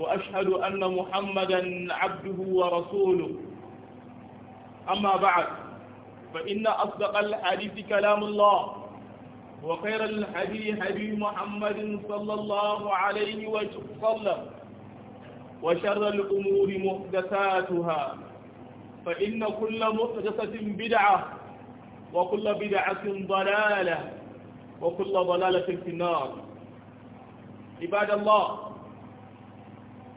وأشهد أن محمدا عبده ورسوله أما بعد فإن أصدق الحديث كلام الله وخير الحديث حديث محمد صلى الله عليه وسلم وشر الأمور محدثاتها فإن كل محدثة بدعة وكل بدعة ضلالة وكل ضلالة في النار عباد الله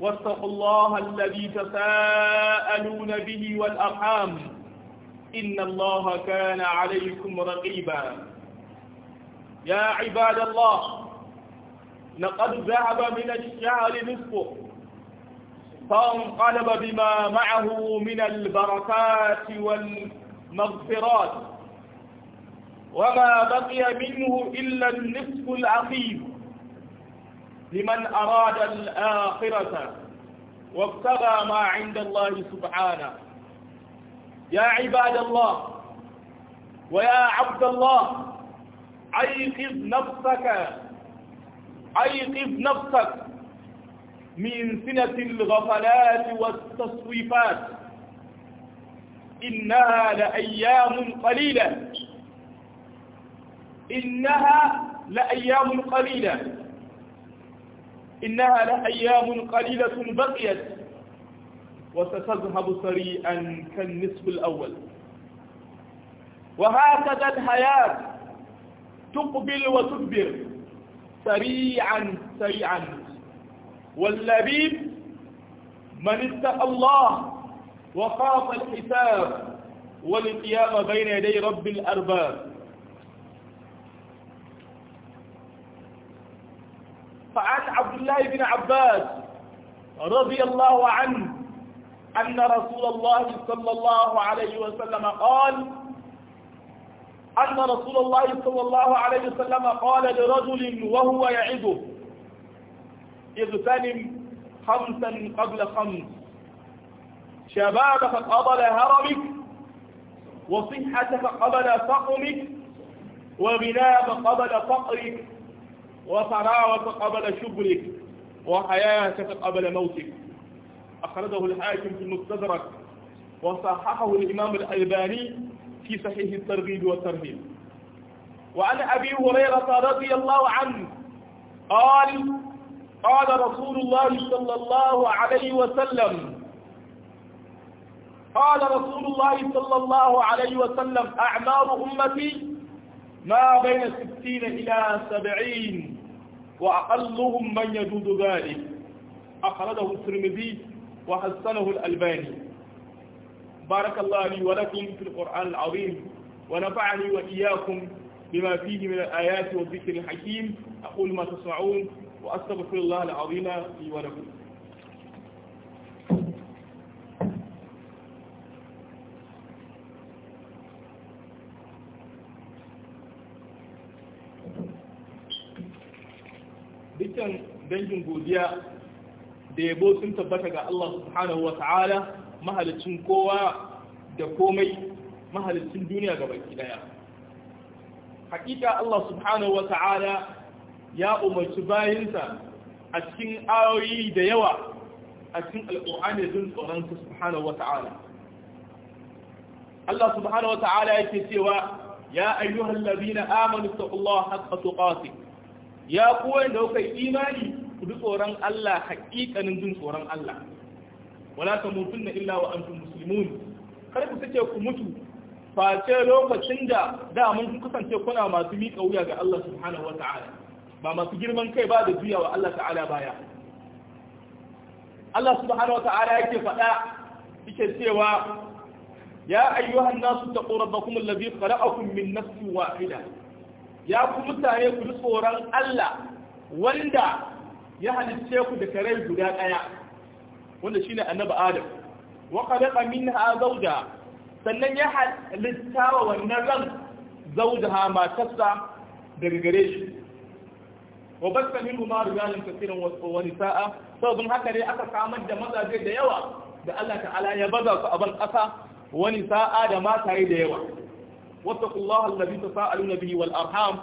واتقوا الله الذي تساءلون به والأرحام إن الله كان عليكم رقيبا يا عباد الله لقد ذهب من الشهر نصفه فانقلب بما معه من البركات والمغفرات وما بقي منه إلا النصف الأخير لمن أراد الآخرة وابتغى ما عند الله سبحانه يا عباد الله ويا عبد الله أيقظ نفسك أيقظ نفسك من سنة الغفلات والتصويفات إنها لأيام قليلة إنها لأيام قليلة إنها لأيام قليلة بقيت وستذهب سريعا كالنصف الأول وهكذا الحياة تقبل وتدبر سريعا سريعا واللبيب من اتقى الله وخاف الحساب والقيام بين يدي رب الأرباب عبد الله بن عباس رضي الله عنه أن رسول الله صلى الله عليه وسلم قال أن رسول الله صلى الله عليه وسلم قال لرجل وهو يعده اغتنم خمسا قبل خمس شبابك قبل هرمك وصحتك قبل سقمك وغناك قبل فقرك وثراوة قبل شبرك وحياتك قبل موتك أخرجه الحاكم في المستدرك وصححه الإمام الألباني في صحيح الترغيب والترهيب وعن أبي هريرة رضي الله عنه قال قال رسول الله صلى الله عليه وسلم قال رسول الله صلى الله عليه وسلم أعمار أمتي ما بين ستين إلى سبعين وأقلهم من يجود ذلك أخرجه الترمذي وحسنه الألباني بارك الله لي ولكم في القرآن العظيم ونفعني وإياكم بما فيه من الآيات والذكر الحكيم أقول ما تسمعون وأستغفر الله العظيم لي ولكم dukkan dangin godiya da yabo sun tabbata ga Allah subhanahu wa ta'ala mahalicin kowa da komai mahalicin duniya ga baki daya hakika Allah subhanahu wa ta'ala ya umarci bayinsa a cikin ayoyi da yawa a cikin alƙur'ani jin tsoronsa subhanahu wa ta'ala Allah subhanahu wa ta'ala yake cewa ya ayyuhal ladina amanu taqullaha haqqa tuqatih ya kuwa da kuka yi imani ku duk tsoron Allah haƙiƙanin jin tsoron Allah wala ta mutun na illa wa antum muslimun kar ku take ku mutu face lokacin da da mun kusance kuna masu miƙa wuya ga Allah subhanahu ta'ala ba masu girman kai ba da juya wa Allah ta'ala baya Allah subhanahu ta'ala yake faɗa yake cewa ya ayyuhan nasu taqu rabbakum alladhi khalaqakum min nafsin wahida ya ku mutane ku ji tsoron Allah wanda ya halicce ku da kare guda ɗaya wanda shine annabi Adam wa khalaqa minha zawja sannan ya halitta wa wannan ran zawjaha matarsa daga gare shi wa basta minhu ma rijalun kaseeran wa nisaa sabon haka ne aka samar da mazaje da yawa da Allah ta'ala ya baza su a ban ƙasa wani sa'a da mataye da yawa واتقوا الله الذي تساءلون به والأرحام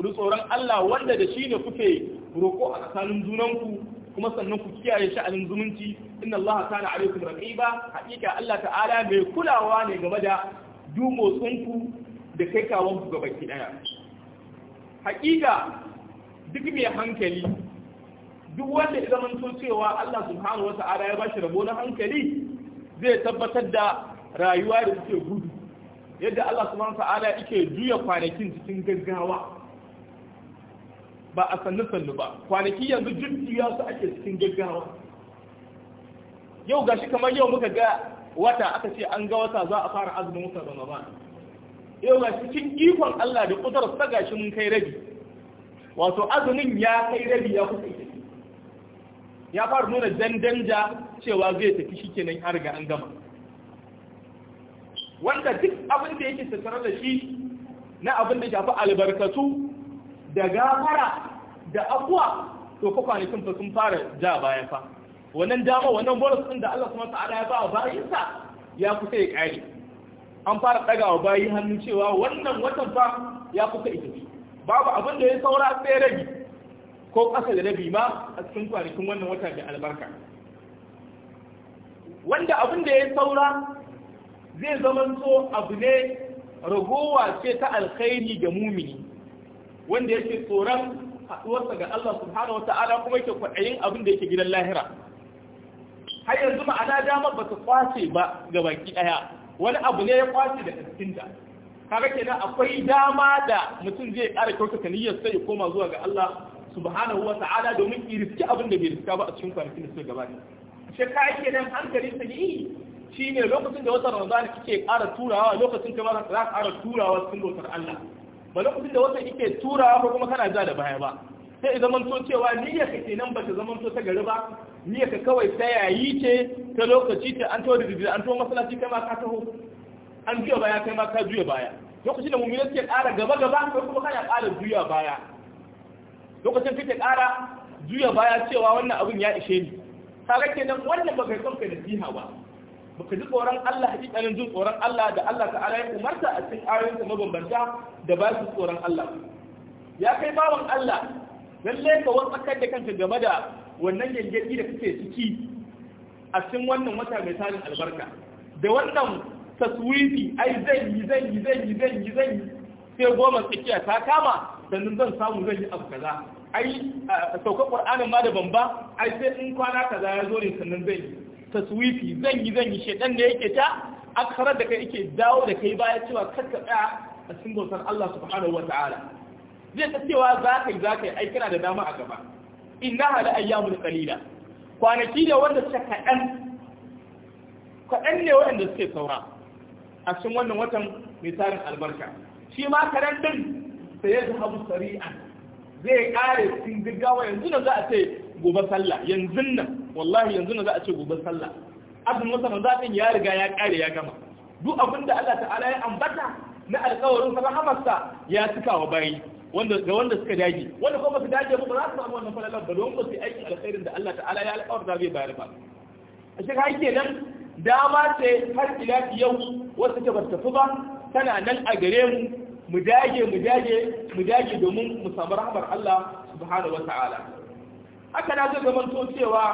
ku tsoron Allah wanda da shi ne kuke roƙo a tsakanin junanku kuma sannan ku kiyaye sha'anin zumunci inna Allah kana alaikum raqiba hakika Allah ta'ala mai kulawa ne game da dumotsinku da kai kawon ku gabaki daya hakika duk mai hankali duk wanda ya zama to cewa Allah subhanahu wata'ala ya bashi rabo na hankali zai tabbatar da rayuwa da suke gudu yadda Allah subhanahu ta'ala yake juya kwanakin cikin gaggawa ba a sannu sannu ba kwanaki yanzu jujjuya su ake cikin gaggawa yau gashi kamar yau muka ga wata aka ce an ga wata za a fara azumin watan ba. yau ga cikin ikon Allah da kudar sa gashi mun kai rabi wato azumin ya kai rabi ya kusa ita ya fara nuna dandanja cewa zai tafi shikenan har ga an gama wanda duk abin da yake tattare da shi na abin da shafi albarkatu da gafara da abuwa to ko kwanakin fa sun fara ja bayan fa wannan dama wannan boros din da Allah subhanahu ta'ala ya ba wa bayinsa ya kusa ya kare an fara daga wa bayi hannu cewa wannan watan fa ya kusa ita babu abin da ya saura sai rabi ko ƙasa da rabi ma a cikin kwanakin wannan wata da albarka wanda abin da ya saura zai zamanto abu ne ragowa ce ta alkhairi ga mumini wanda yake tsoron haɗuwarsa ga Allah subhanahu wata'ala kuma yake kwaɗayin abin da yake gidan lahira har yanzu ma'ana dama ba su kwace ba ga baki ɗaya wani abu ne ya kwace da kaskinta kaga kenan akwai dama da mutum zai ƙara kyautata niyyar sai ya koma zuwa ga Allah subhanahu wata'ala domin iriski abin da bai riska ba a cikin kwanakin da suka gabata shi ka ake nan hankali sa yi shine lokacin da watan Ramadan kike ƙara turawa lokacin kuma za ka ƙara turawa cikin bautar Allah ba lokacin da watan kike turawa ko kuma kana ja da baya ba sai zaman to cewa niyyar ka kenan ba ta zaman to ta gari ba niyyar ka kawai ta yayi ce ta lokaci ta an to da an to masallaci kai ma ka taho an juya baya kai ma ka juya baya lokacin da mu'mini suke ƙara gaba gaba ko kuma kana ƙara juya baya lokacin kake ƙara juya baya cewa wannan abin ya ishe ni kaga kenan wannan ba kai kanka da jiha ba baka ji tsoron Allah hakikanin jin tsoron Allah da Allah ala ya umarta a cikin ayoyinsa mabambanta da ba su tsoron Allah ya kai bawan Allah lalle ka wasakar da kanka game da wannan yangeji da kake ciki a cikin wannan wata mai tarin albarka da wannan taswifi ai zan yi zan yi zan yi zan yi zan yi sai goma tsakiya ta kama sannan zan samu zan yi abu kaza ai sauka ƙur'anin ma da bamba ai sai in kwana kaza ya zo ne sannan zai yi taswifi zan yi zan yi shedan da yake ta akharar da kai yake dawo da kai baya cewa karka tsaya a cikin bautar Allah subhanahu wataala zai ta cewa za ka yi za ka yi ai kana da dama a gaba innaha la ayyamul qalila kwanaki da wanda suka kaɗan kaɗan ne waɗanda suke saura a cikin wannan watan mai tarin albarka shi ma kaɗan ɗin sai ya zahabu zai ƙare cikin gaggawa yanzu da za a ce gobe sallah yanzu nan wallahi yanzu nan za a ce gobe sallah azumin wata manzafin ya riga ya kare ya gama duk abin da Allah ta'ala ya ambata na alƙawarin sa rahamarsa ya cika wa bayi wanda ga wanda suka dage wanda kuma su dage ba za su samu wannan falalar ba don ba su aiki alkhairin da Allah ta'ala ya alƙawarta zai bayar ba a shi har kenan dama ce har ila yau wasu ta bata tafi ba tana nan a gare mu mu dage mu dage mu dage domin mu samu rahmar Allah subhanahu wa ta'ala haka na zai zamanto cewa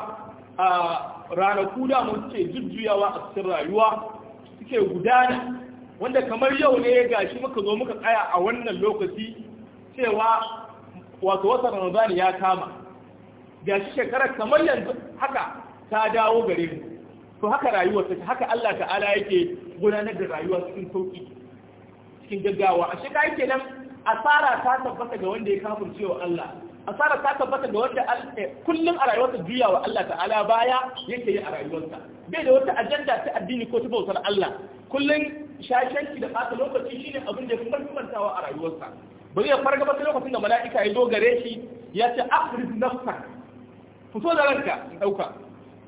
a ranaku da mun ce jujjuyawa a cikin rayuwa suke gudana wanda kamar yau ne ya gashi muka zo muka tsaya a wannan lokaci cewa wato watan ramadan ya kama gashi shekarar kamar yanzu haka ta dawo gare mu to haka rayuwar ta haka Allah ta'ala yake gudanar da rayuwa cikin sauki cikin gaggawa a shi kenan asara ta tabbata ga wanda ya kafirce wa Allah asara ta tabbata da wanda eh, kullum a rayuwarsa juya wa Allah ta'ala baya yake yi a rayuwarsa bai da wata ajanda ta addini ko ta bautar Allah kullum shashanki da ɓata lokaci shine abin da ya fi muhimmantawa a rayuwarsa ba zai farga ba lokacin da mala'ika ya dogare shi ya ce afriz nafsa fito da ranka in ɗauka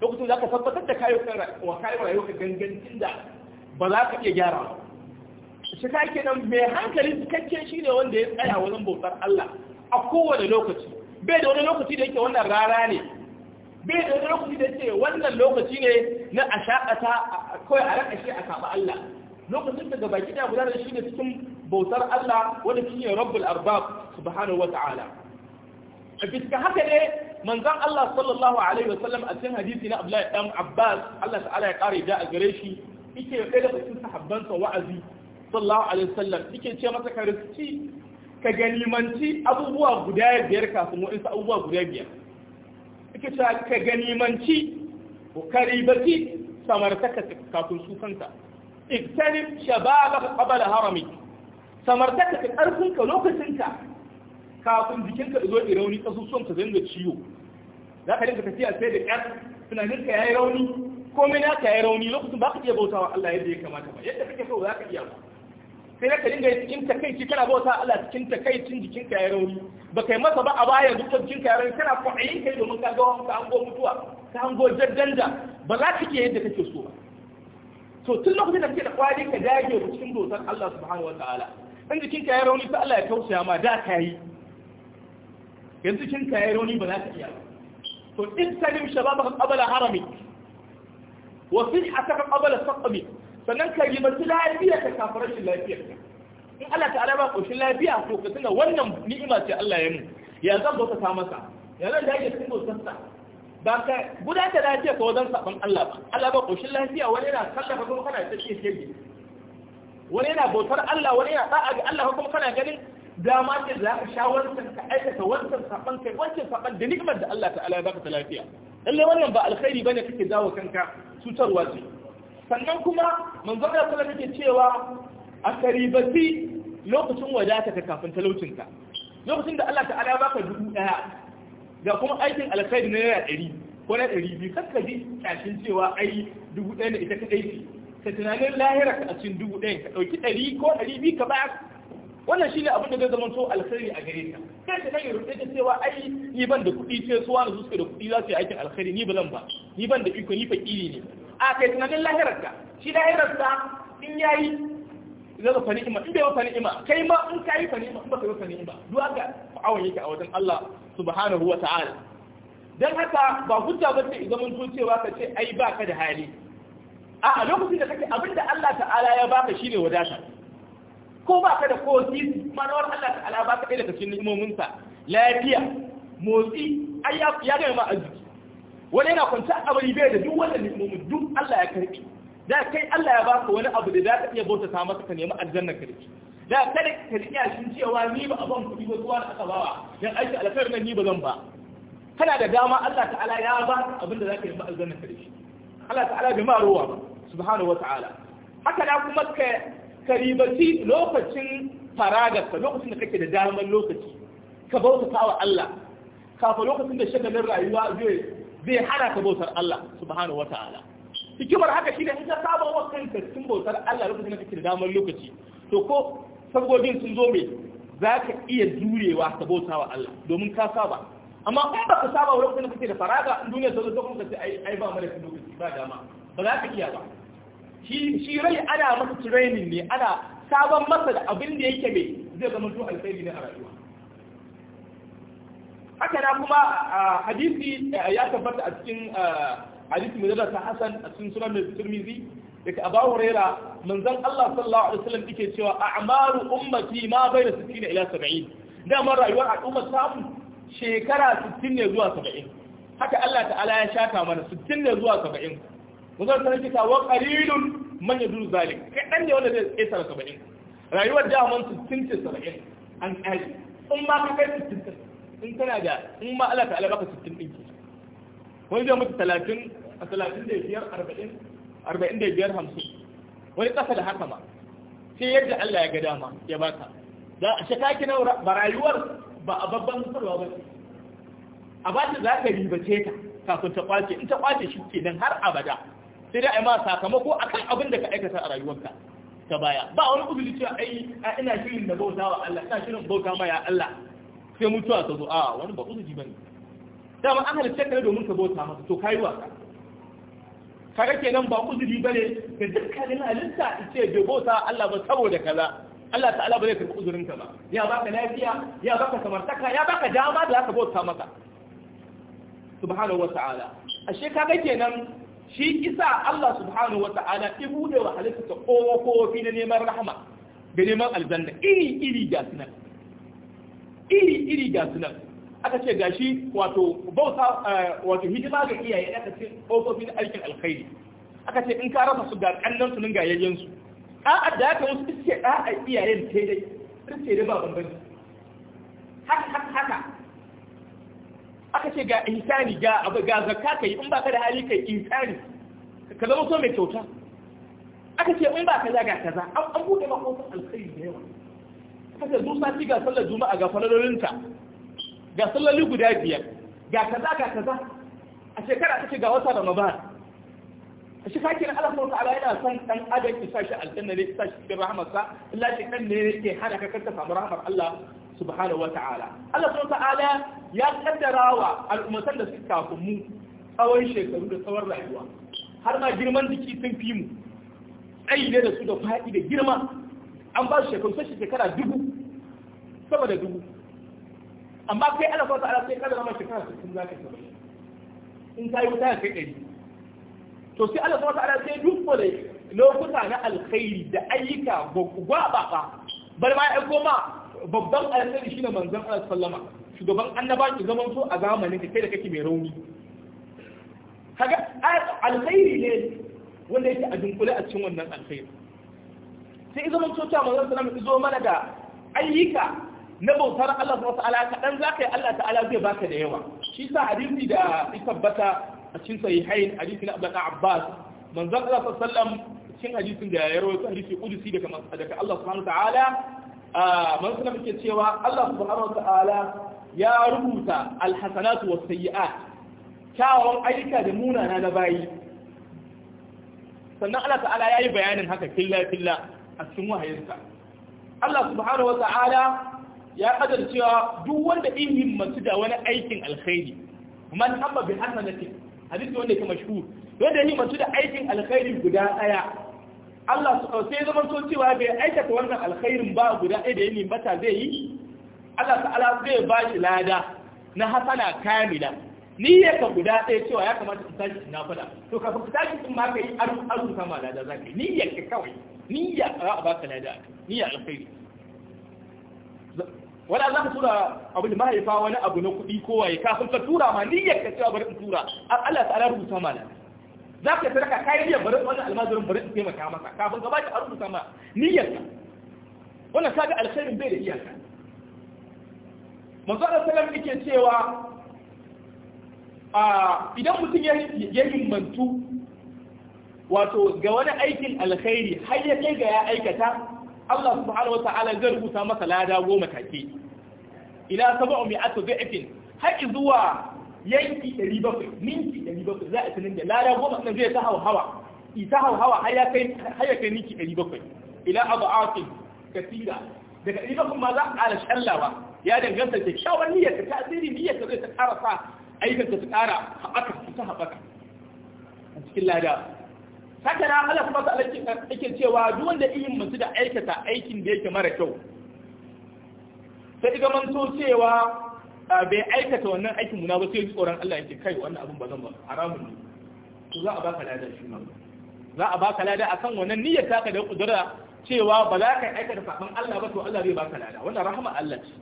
lokacin da ka tabbatar da kayo wa kayo rayuwarka gangancin da ba za ka iya gyara ba shi ka kenan mai hankali cikakke shine wanda ya tsaya wajen bautar Allah a kowane lokaci bai da wani lokaci da yake wannan rara ne bai da wani lokaci da yake wannan lokaci ne na a shaƙata kawai a raka shi a kaɓa Allah lokacin da gaba gida gudanar da shi ne cikin bautar Allah wanda shi ne rabbul arbab subhanahu wa ta'ala a fiska haka ne manzon Allah sallallahu alaihi wa sallam a cikin hadisi na Abdullahi dan Abbas Allah ta'ala ya kare da a gare shi yake ɗaya daga cikin sahabbansa wa'azi sallallahu alaihi wa sallam yake ce masa ka riski ka ganimanci abubuwa guda biyar kafin waɗansu abubuwa guda biyar ake cewa ka ganimanci ka ribaci samartaka kafin su kanta iktanim shababa qabala harami samartaka ka karfinka lokacinka kafin jikinka zo i rauni kasusuwan ka zanga ciwo za ka dinka tafiya sai da ƙyar tunaninka ya yi rauni komai na ka yi rauni lokacin ba ka iya bautawa Allah yadda ya kamata ba yadda kake so za ka iya ba sai ka dinga cikin takaici kana bauta Allah cikin takaicin jikin ka ya rauni ba kai masa ba a baya duk jikin ka ya rauni kana kwaɗayin kai domin ka ga ka hango mutuwa ka hango jaddanja ba za ka iya yadda kake so ba to tun lokacin da kake da kwari ka dage cikin dosan Allah subhanahu wa ta'ala in jikin ka ya rauni sai Allah ya tausaya ma da ka yi yanzu jikin ka ya rauni ba za ka iya to in salim shababaka qabla haramik wa sihhataka qabla saqmik sannan ka ribaci lafiya ka kafin rashin lafiya in Allah ta'ala ba koshin lafiya to ka tuna wannan ni'ima ce Allah ya mu ya zan bauta ta masa ya zan dage cikin bautarsa ba ka guda ta lafiya ka wajen saɓan Allah ba Allah ba koshin lafiya wani yana kallafa kuma kana ta ce shege wani yana bautar Allah wani yana da'a ga Allah kuma kana ganin dama ce za ka sha wancan ka aikata wancan saɓan kai wancan saɓan, da ni'imar da Allah ta'ala ya baka ta lafiya lalle wannan ba alkhairi bane kake dawo kanka cutarwa ce sannan kuma manzo da sallallahu take cewa a karibati lokacin wadata ka kafin talaucinka lokacin da Allah ta'ala baka dubu daya ga kuma aikin alkhairi na naira ɗari ko na ɗari biyu kakka ji tashin cewa ai dubu ɗaya na ita ka ɗaiki ka tunanin lahira ka a cikin dubu ɗaya ka ɗauki ɗari ko ɗari biyu ka baya wannan shi ne abin da zai zama to alkhairi a gare ka kai ta nan yi rubuta ta cewa ai ni ban da kuɗi sai suwa na suka da kuɗi za su yi aikin alkhairi ni ba zan ba ni ban da iko ni fakiri ne a kai tunanin lahirarka shi lahirarsa in yayi zai zafa ni'ima in bai wafa ni'ima kai ma in ka yi fa ni'ima in ba ka yi fa ni'ima duk haka fa'awon yake a wajen Allah subhanahu wa ta'ala dan haka ba hujja ba ce zaman to ba ka ce ai ba ka da hali a a lokacin da kake abinda Allah ta'ala ya baka shine wadata ko ba ka da ko sisi manawar Allah ta'ala ba ka ɗaya daga cikin ni'imominsa lafiya motsi ai ya ga ma arziki wani yana kwanci a kabari bai da duk wannan ni'imomi duk Allah ya karbi da kai Allah ya baka wani abu da za ka iya bauta ta masa ka nemi aljanna ka dace da kada ka ji yashin cewa ni ba a ban kuɗi ba zuwa da aka bawa dan aiki alkhairin nan ni ba zan ba kana da dama Allah ta'ala ya ba abin da za ka nemi ma aljanna ka dace Allah ta'ala bai ma ruwa ba subhanahu wa ta'ala haka da kuma ka karibaci lokacin faragarka lokacin da kake da damar lokaci ka bauta wa Allah kafa lokacin da shagalin rayuwa zai zai hana ka bautar Allah subhanahu wataala hikimar haka shine in ka saba wa kanka cikin bautar Allah lokacin da kake da damar lokaci to ko sabgogin sun zo mai za ka iya jurewa ka bauta wa Allah domin ka saba amma in ba ka saba wa lokacin da kake da faraga in duniya ta zo kuma ka ce ai ai ba mu da lokaci ba dama ba za ka iya ba shi shi rai ana masa training ne ana sabon masa da abin da yake mai zai zama to alkhairi ne a rayuwa haka na kuma hadisi eh, ya tabbata a cikin eh, hadisi mai zada ta hasan a cikin sunan mai turmizi daga abu huraira manzon Allah sallallahu alaihi wasallam yake cewa a'maru ummati ma bayna 60 ila 70 dama rayuwar al'ummar samu shekara 60 ne zuwa 70 haka Allah ta'ala ya shata mana 60 ne zuwa 70 manzon sallallahu alaihi wasallam wa qalilun man yadul zalik kadan ne wanda zai tsara 70 rayuwar da man 60 70 an kai in ma ka kai 60 in kana da in ma Allah ta'ala baka 60 din ki wani zai mutu 30 a 35 40 45 50 wani kasa da haka ma sai yadda Allah ya ga dama ya baka za a shaka ki na ba rayuwar ba a babban mutarwa ba a ba ta za ka ribace ta kafin ta kwace in ta kwace shi ke nan har abada sai dai a yi ma sakamako a kan abin da ka aikata a rayuwarka ta baya ba wani uzuri cewa ai ina shirin da bauta wa Allah ina shirin bauta ma ya Allah sai mutuwa ta zo a ah, wani ba uzuri bane dama an halitta ka domin ka bauta masa to kai wasa kaga kenan ba uzuri bane ga dukkanin halitta a ce bai bauta Allah ba saboda kaza Allah ta'ala ba zai karɓi ka ba ya baka lafiya ya baka samartaka ya baka dama da zaka bauta maka subhanahu wata'ala ashe kaga kenan shi isa Allah subhanahu wata'ala ya bude wa halitta ta kofofi na neman rahama da neman aljanna iri iri ga sunan iri-iri ga suna aka ce gashi wato bauta eh, wato hidima ga iyaye aka ce ƙofofi na aikin alkhairi aka ce in ka rasa su ga kallon sunan gayayyen su a da aka wasu suke a iyayen sai dai suke da ba bambanci haka haka haka aka ce ga insani ga abu ga zakka kai in baka da hali kai insani ka zama so mai kyauta aka ce in ba kaza ga kaza an bude makofin alkhairi da yawa kace zo sati ga sallar juma'a ga falalolinta ga salloli guda biyar ga kaza ga kaza a shekara take ga wata ramadan a shi kake na Allah ta'ala yana son dan adam isa shi aljanna ne isa shi cikin rahmarsa illa shi kan ne yake hada ka kanka samu rahmar Allah subhanahu ta'ala Allah ta'ala ya kaddara wa al'ummatan da suka ku mu tsawon shekaru da tsawon rayuwa har ma girman jiki sun fi mu tsayi ne da su da faɗi da girma an ba shi shekaru sai shekara dubu sama da dubu amma kai ana kwata ala sai kada zama shekara sittin za ka saba in ta yi wuta ya kai ɗari to sai ana kwata ala sai duk wani lokuta na alkhairi da ayyuka gwababa bar ma ya koma babban alkhairi shine manzon Allah sallama shugaban annaba ki zaman so a zamanin ka kai da kake mai rauni kaga alkhairi ne wanda yake a dunkule a cikin wannan alkhairi sai izo mun tota manzon sallallahu izo mana da ayyuka na bautar Allah subhanahu wataala kadan zaka yi Allah ta'ala zai baka da yawa shi sa hadisi da ya tabbata a cikin sahihain hadisi na Abdullah Abbas manzon Allah sallallahu alaihi wasallam cikin hadisin da ya rawaito hadisi kudusi daga daga Allah subhanahu wataala man sallallahu alaihi cewa Allah subhanahu wataala ya rubuta alhasanatu was sayyi'at kyawawan ayyuka da munana na bayi sannan Allah ta'ala ya yi bayanin haka killa-killa. a cikin wahayinsa Allah subhanahu wa ta'ala ya kadar cewa duk wanda in himmatu da wani aikin alkhairi man amma bi hasanati hadisi wanda yake mashhur wanda ni mutu da aikin alkhairi guda daya Allah su sai zaman so cewa bai aikata wannan alkhairin ba guda ɗaya da ya nimata zai yi Allah ta'ala zai ba shi lada na hasana kamila ni ya ka guda ɗaya cewa ya kamata ka tashi na fada to kafin ku tashi kun ma kai yi arzu kama lada za ka yi niyyar ka kawai niyya za a baka lada niyya alkhairi wala za ka tura abu da mahaifa wani abu na kuɗi ko waye kafin ka tura ma niyyar ka cewa bari in tura Allah ta'ala rubuta ma lada za ka ka kai niyyar bari wannan almajirin bari in taimaka maka kafin ka ba ka rubuta ma niyyar ka wannan kaga alkhairin bai da iyaka manzo Allah sallallahu alaihi wasallam yake cewa idan mutum ya himmantu wato ga wani aikin alkhairi har ya kai ga ya aikata Allah subhanahu wata'ala zai rubuta masa lada goma take ila sab'u mi'atu dha'fin har zuwa yanki 700 ninki 700 za a tunin da lada goma nan zai ta hawa ita hawa har ya kai har ya kai ninki 700 ila adafin kasira daga 700 ma za a ƙara shallawa ya danganta da kyawun niyyar ta tasiri niyyar ta zai ta ƙara sa aikanta su ƙara haɓaka su ta haɓaka a cikin lada Saka na Allah kuma ta ake cewa duk wanda iyin mutu da aikata aikin da yake mara kyau sai ga manto cewa bai aikata wannan aikin muna ba sai tsoron Allah yake kai wannan abin ba zan ba haramun ne to za a baka lada shi ma za a baka lada akan wannan niyyar taka da kudura cewa ba za ka aikata sakon Allah ba to Allah zai baka lada wannan rahama Allah ce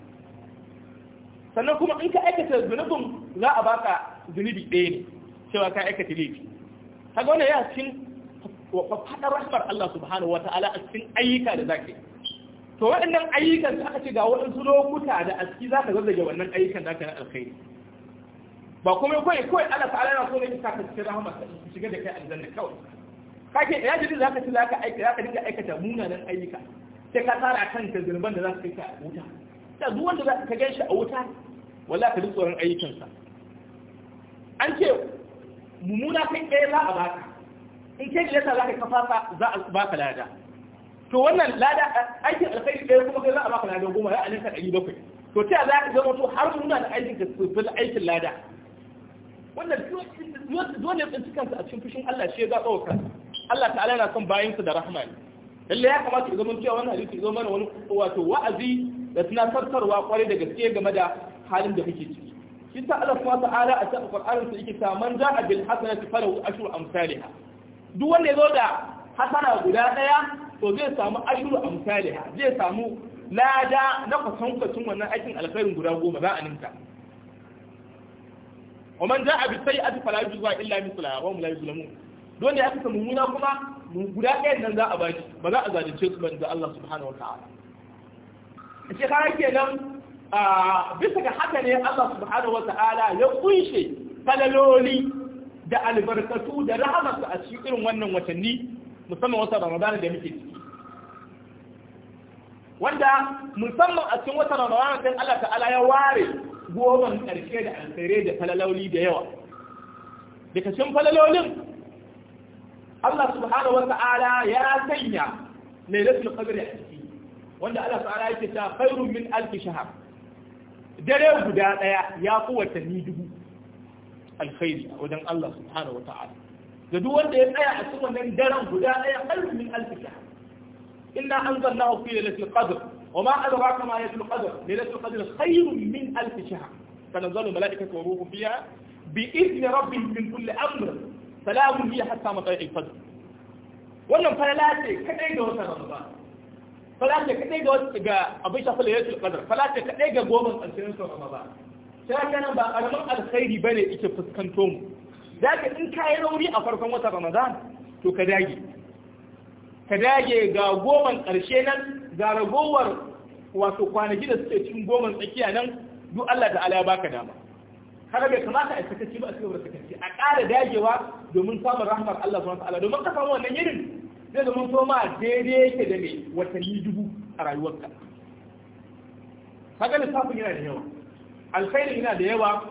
sannan kuma in ka aikata zunubin za a baka zunubi ɗaya ne cewa ka aikata laifi kaga wannan ya cikin faɗar rahmar Allah subhanahu wata'ala a cikin ayyuka da zaka to waɗannan ayyukan da aka ce ga waɗansu lokuta da aski za ka zazzage wannan ayyukan da aka yi alkhairi ba kuma kawai kawai Allah ta'ala yana so ne ka ka cikin rahmar shiga da kai aljanna kawai kake ya ji za ka ci za ka aika za ka dinga aikata munanan ayyuka sai ka tsara kanka zunuban da za ka kai ka wuta da duk wanda za ka gan shi a wuta Wala ka ji tsoron ayyukansa an ce mummuna kai ɗaya za a baka in ke da yasa za ka kafa za a baka lada to wannan lada aikin alkhairi ɗaya kuma kai za a baka lada goma za a ninka ɗari bakwai to ta za ka zama to har muna da aikin ka tsofin aikin lada wannan dole in ci kansa a cikin fushin Allah shi ya zaɓa wa kansa Allah ta'ala yana son bayansa da rahama ne lalle ya kamata ya zama cewa wannan hadisi ya zama mana wani wato wa'azi da tunatarwa kwarai da gaske game da halin da kake ciki shi ta Allah subhanahu ta'ala a cikin Qur'anin sa yake ta man ja'a bil hasanati falahu ashru amsalha duk wanda yazo da hasana guda daya to zai samu ashru amsalha zai samu lada na kwatankwacin wannan aikin alkhairin guda goma za a ninka ومن جاء بالسيئة فلا يجزى إلا مثلها la لا يظلمون دون يا أخي ممونا كما guda ɗayan nan za a bashi ba za a zalunce su ba da Allah subhanahu wa ta'ala shi kenan bisa ga haka ne Allah subhanahu wa ta'ala ya kunshe falaloli da albarkatu da rahamarsa a cikin irin wannan watanni musamman wata Ramadan da muke ciki wanda musamman a cikin wata Ramadan da Allah ta'ala ya ware goban karshe da alkhairai da falaloli da yawa daga cikin falalolin Allah subhanahu wa ta'ala ya sanya lailatul qadr a ciki wanda Allah ta'ala yake ta khairun min alf shahr dare guda daya ya fi ni dubu alkhairi a wajen Allah subhanahu wa ta'ala da duk wanda ya tsaya a cikin wannan daren guda daya alfi min alfi shahr inna anzalnahu fi lailatul qadr wa ma adraka ma lailatul qadr lailatul qadr khairun min alfi shahr tanazzalu malaikatu wa ruhu fiha bi idni rabbihim min kulli amr salamun hiya hatta matla'i al-fajr wannan falala ce kadai da watan Ramadan fala ce kadai ga wasu ga abin shafi lailatul qadr fala ce kadai ga goma tsantsirin sun ramadan sai kana ba karamin alkhairi bane yake fuskanto mu zaka in kai rauri a farkon wata ramadan to ka dage ka dage ga goman ƙarshe nan ga ragowar wato kwanaki da suke cikin goman tsakiya nan duk Allah ta'ala ya baka dama kada bai kamata a sakaci ba a cikin sakaci a ƙara dagewa domin samun rahmar Allah subhanahu wa ta'ala domin ka samu wannan yirin zai zama so ma daidai yake da mai watanni dubu a rayuwarka kaga lissafin yana da yawa alkhairi yana da yawa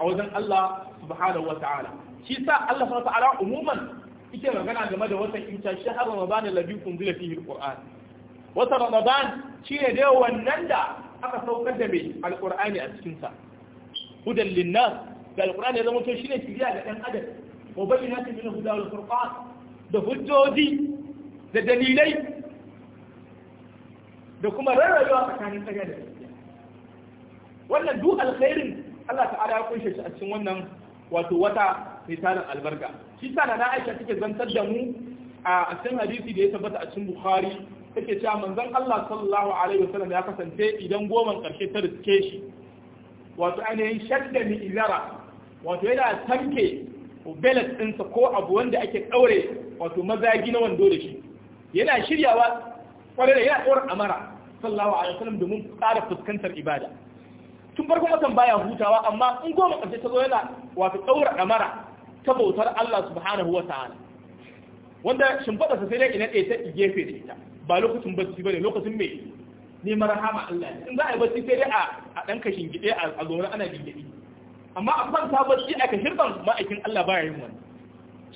a wajen Allah subhanahu wata'ala shi sa Allah subhanahu umuman yake magana game da watan ita shahar ramadan alladhi unzila fihi alquran watan ramadan shine da wannan da aka saukar da mai alkurani a cikin sa hudan linnas da alqur'ani ya zama to shine shiriya ga dan adam wa bayyinatin min hudan alfurqan da hujjoji da dalilai da kuma rarrabewa tsakanin ƙarya da wannan duk alkhairin Allah ta'ala ya kunshe shi a cikin wannan wato wata misalin albarka shi sa na Aisha take zantar da mu a cikin hadisi da ya tabbata a cikin Bukhari take cewa manzon Allah sallallahu alaihi wasallam ya kasance idan goman karshe ta riske shi wato ainihin shadda ni izara wato yana tanke belet ɗinsa ko abu wanda ake ɗaure wato mazagi na wando da shi yana shiryawa kwarai da yana ɗaura amara sallallahu alaihi wasallam domin tsara fuskantar ibada tun farko watan baya hutawa amma in goma ƙarshe ta zo yana wato ɗaura amara ta bautar Allah subhanahu wa ta'ala wanda shimfaɗa sai dai ina ɗaya ta gefe da ita ba lokacin bacci ba ne lokacin mai neman rahama Allah in za a yi bacci sai dai a ɗan kashin gide a zaune ana gingidi amma a kwanta bacci a aka shirban ma'aikin Allah baya yin wani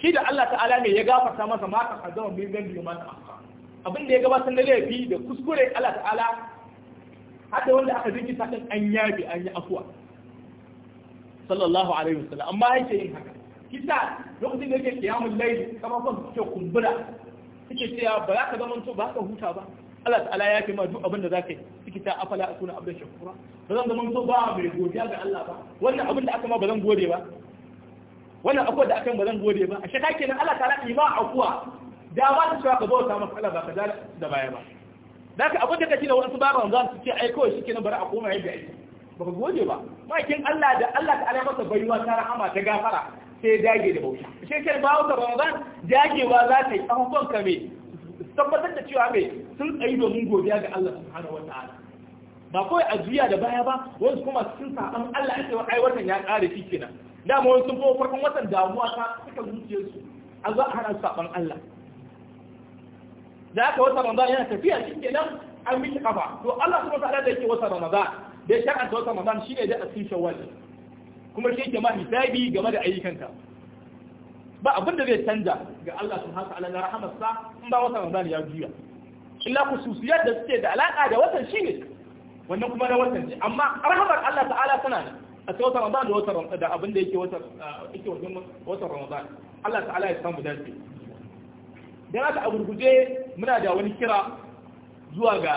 shi da Allah ta'ala ne ya gafarta masa ma ka kaddama min zambi ma ta abin da ya gabatar da laifi da kuskure Allah ta'ala hada wanda aka jinki ta kan an yabi an yi afuwa sallallahu alaihi wasallam amma yake yin haka kisa lokacin da yake kiyamul layl kamar son ce kumbura kike cewa ba za ka zama to ba ka huta ba Allah ta'ala ya fi ma duk abin da za ka yi suke ta afala a suna abin shakura ba zan zama so ba mai godiya ga Allah ba wannan abin da aka ma ba zan gode ba wannan akwai da aka ba zan gode ba a shaka kenan Allah ta'ala yi ma akuwa da ba ta cewa ka bauta masa Allah ba ka da baya ba da ka abin da kake da wasu baban za su ce ai kawai shi kenan bari a koma yadda ake ba ka gode ba makin Allah da Allah ta'ala ya masa baiwa ta rahama ta gafara sai dage da bauta shi kenan ba wata Ramadan dagewa za ta yi tsawon kanka mai tabbatar da cewa mai sun tsayi domin godiya ga Allah subhanahu wa ba kawai a juya da baya ba wasu kuma sun saɓan Allah ya cewa ai watan ya kare shi kenan dama wasu sun kuma farkon watan damuwa ta suka su a za a hana saɓan Allah da aka wata ramadan yana tafiya shi kenan an miki kafa to Allah subhanahu wa da yake wata ramadan da ya shar'anta wata ramadan shine da asin wani. kuma shi ke ma hisabi game da ayyukanka ba abin da zai canja ga Allah subhanahu wataala na rahamarsa in ba watan Ramadan ya juya illa khususiyar da suke da alaka da watan shine wannan kuma na watan ne amma rahamar Allah ta'ala tana ne a cikin watan Ramadan da watan da abin da yake watan yake wajen watan Ramadan Allah ta'ala ya samu dace dan haka a gurguje muna da wani kira zuwa ga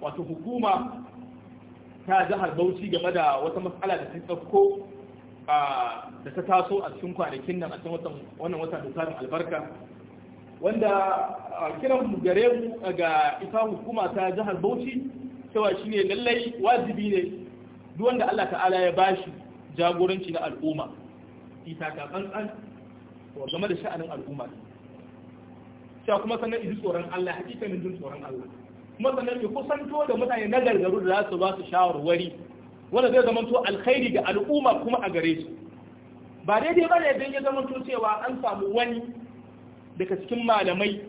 wato hukuma ta jihar Bauchi game da wata matsala da ta tsakko da ta taso a cikin kwanakin nan a cikin watan wannan watan da tarin albarka wanda kiran gare mu ga ita hukuma ta jihar Bauchi cewa shine lallai wajibi ne duk wanda Allah ta'ala ya bashi jagoranci na al'umma ita ta tsantsan game da sha'anin al'umma cewa kuma sannan idan tsoron Allah hakikanin jin tsoron Allah kuma sannan ya kusanto da mutane na gargaru da za su ba su shawarwari wanda zai zamanto alkhairi ga al'umma kuma a gare su ba daidai ba ne don ya zamanto cewa an samu wani daga cikin malamai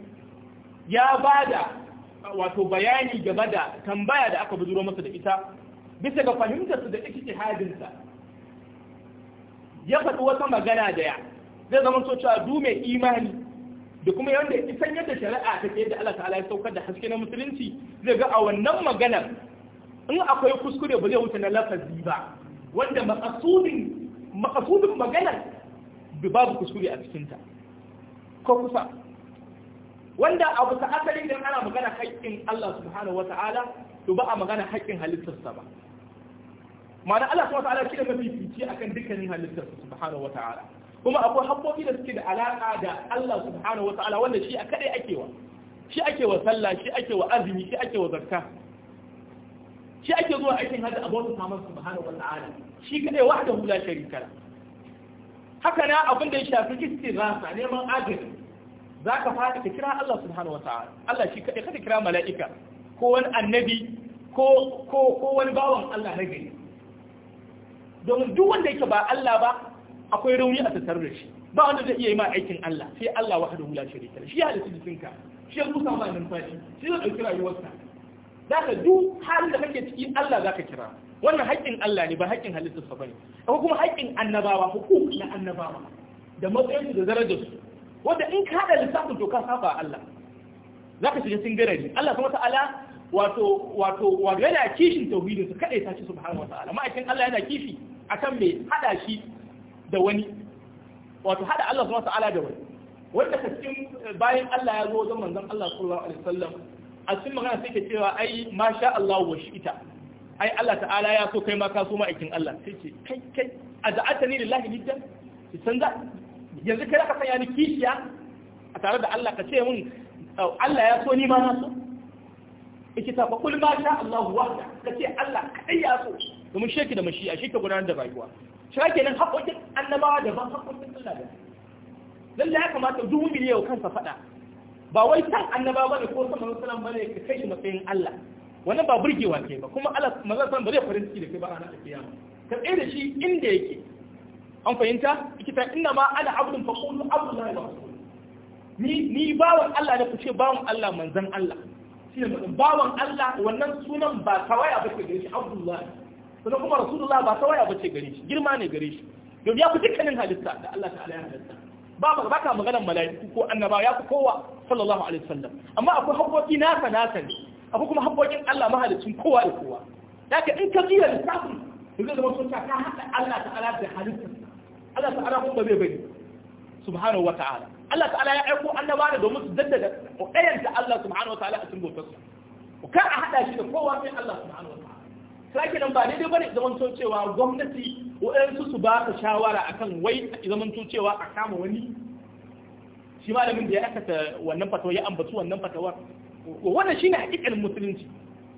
ya ba da wato bayani game da tambaya da aka buduro masa da ita bisa ga su da ijtihadinsa ya faɗi wata magana daya zai zamanto cewa du mai imani da kuma yanda isan yadda shari'a ta ke yadda Allah ta'ala ya saukar da haske na musulunci zai ga a wannan maganar in akwai kuskure ba zai wuce na lafazi ba wanda makasudin makasudin maganar babu kuskure a cikinta ko kusa wanda abu ta asali idan ana magana haƙƙin Allah subhanahu wa ta'ala to ba a magana haƙƙin halittarsa ba ma'ana Allah subhanahu wa ta'ala shi da mafifici akan dukkanin halittarsa subhanahu wa ta'ala kuma akwai haƙƙoƙi da suke da alaƙa da Allah subhanahu wa ta'ala wanda shi a kadai ake wa shi ake wa sallah shi ake wa azumi shi ake wa zakka shi ake zuwa aikin hajji a bauta samun subhanahu wa ta'ala shi kadai wahdahu la sharika la haka na abin da ya shafi istighatha neman agaji zaka fara ka kira Allah subhanahu wa ta'ala Allah shi kadai kada kira mala'ika ko wani annabi ko ko ko wani bawan Allah na gari domin duk wanda yake ba Allah ba akwai rauni a tattare da shi ba wanda zai iya yi ma aikin Allah sai Allah wahdahu la sharika la shi ya halitta jikinka shi ya musa ma numfashi shi ya dauki rayuwarsa. Za ka duk halin da kake ciki Allah za ka kira wannan haƙƙin Allah ne ba haƙƙin halittarsa bane ko kuma haƙƙin annabawa hukuk na annabawa da matsayin da darajar su wanda in ka haɗa lissafin to ka saba Allah za ka shiga cikin garari Allah kuma ta'ala wato wato wa yana kishin tauhidin su kadai ta shi subhanahu wataala ma'aikin Allah yana kishi akan mai hada shi da wani wato haɗa Allah subhanahu wataala da wani wanda cikin eh, bayan Allah ya zo wajen manzon Allah sallallahu alaihi wasallam a cikin magana sai ke cewa ai sha Allah wa shi ita ai Allah ta'ala ya so kai ma ka so ma'aikin Allah sai ce kai kai a da'ata ni lillahi niddan san da yanzu kai ka sanya ni kishiya a tare da Allah ka ce min, Allah ya so ni ma na so yake ta fa ma sha Allah wahda ka ce Allah kai ya so domin sheki da mashi'a shi ka gudanar da rayuwa shi kenan haƙoƙin annabawa ban haƙoƙin Allah daban Lallai ya kamata duk mu'mini yau kansa faɗa ba wai san annaba ba ne ko san manzon sallallahu alaihi wasallam ka kai shi matsayin Allah wannan ba burgewa ce ba kuma Allah manzon sallallahu ba zai farin ciki da kai ba a ranar kiyama ka tsaye da shi inda yake an fahimta ikita inna ma ana abdun fa qulu abdullahi wa rasul ni ni bawan Allah da kuce bawan Allah manzon Allah shi ne bawan Allah wannan sunan ba kawai abu ce gare shi abdullahi sannan kuma rasulullah ba kawai abu ce gare shi girma ne gare shi domin ya fi dukkanin halitta da Allah ta'ala ya halitta ba ba ka maganar mala'iku ko annaba ya fi kowa sallallahu alaihi wasallam amma akwai haƙoƙi nasa nasa ne akwai kuma haƙoƙin Allah mahalicin kowa da kowa daga in ka biya lissafin to zai zama sunta ka haɗa Allah ta'ala da halittar Allah ta'ala kun ba zai bari subhanahu wa ta'ala Allah ta'ala ya aiko annabawa domin su daddada ɗayanta Allah subhanahu wa ta'ala a cikin bautarsa ku kar a haɗa shi da kowa sai Allah subhanahu wa ta'ala sake ba ba dai bane zamanto cewa gwamnati waɗansu su ba ka shawara akan wai zamanto cewa a kama wani shi malamin da ya akasa wannan fatawa ya ambaci wannan fatawar wannan shine hakikar musulunci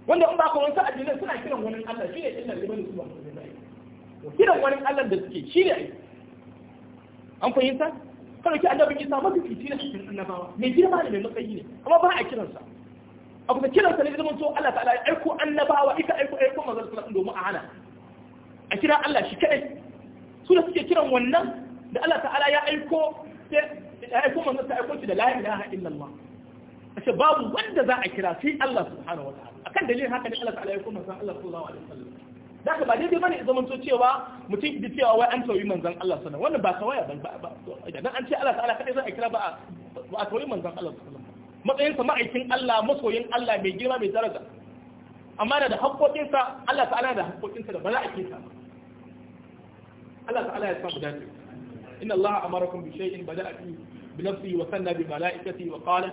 wanda in ba ka wani addinai suna kiran wani Allah shine illar liman su ba kiran wani Allah da suke shine ai an fahimta kada ki annabi ki samu ki tira cikin annabawa me girma ne mai matsayi ne amma ba a kiransa abu da kiransa ne zaman to Allah ta'ala ya aiko annabawa ita aiko aiko manzon sallallahu alaihi domin a hana a kira Allah shi kadai su da suke kiran wannan da Allah ta'ala ya aiko sai ya aiko manzon ta da shi da la ilaha illallah ashe babu wanda za a kira sai Allah subhanahu wa ta'ala akan dalilin haka ne Allah ta'ala ya aiko manzon Allah sallallahu alaihi wasallam da ka ba daidai bane ya zamanto cewa mutum da cewa wai an tauyi manzon Allah sallallahu alaihi wasallam wannan ba kawaya ba idan an ce Allah ta'ala kadai za a kira ba a tauyi manzon Allah sallallahu alaihi wasallam matsayinsa ma'aikin Allah masoyin Allah mai girma mai daraja amma da haƙoƙinsa Allah ta'ala da haƙoƙinsa da ba za a kisa Allah ta'ala ya samu dace inna Allah amarakum bi shay'in bada'a بنفسه وثنى بملائكته وقال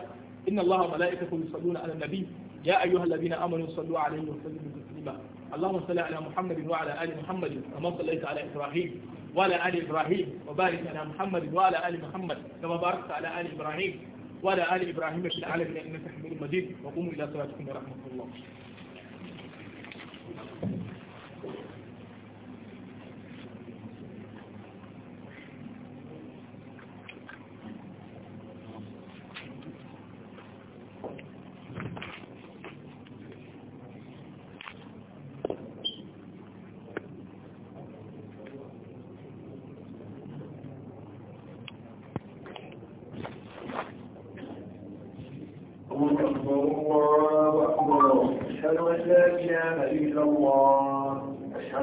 إن الله وملائكته يصلون على النبي يا أيها الذين آمنوا صلوا عليه وسلموا تسليما اللهم صل على محمد وعلى آل محمد كما صليت على إبراهيم وعلى آل إبراهيم وبارك على محمد وعلى آل محمد كما باركت على آل إبراهيم وعلى آل إبراهيم في العالمين إنك حميد مجيد وقوموا إلى صلاتكم ورحمة الله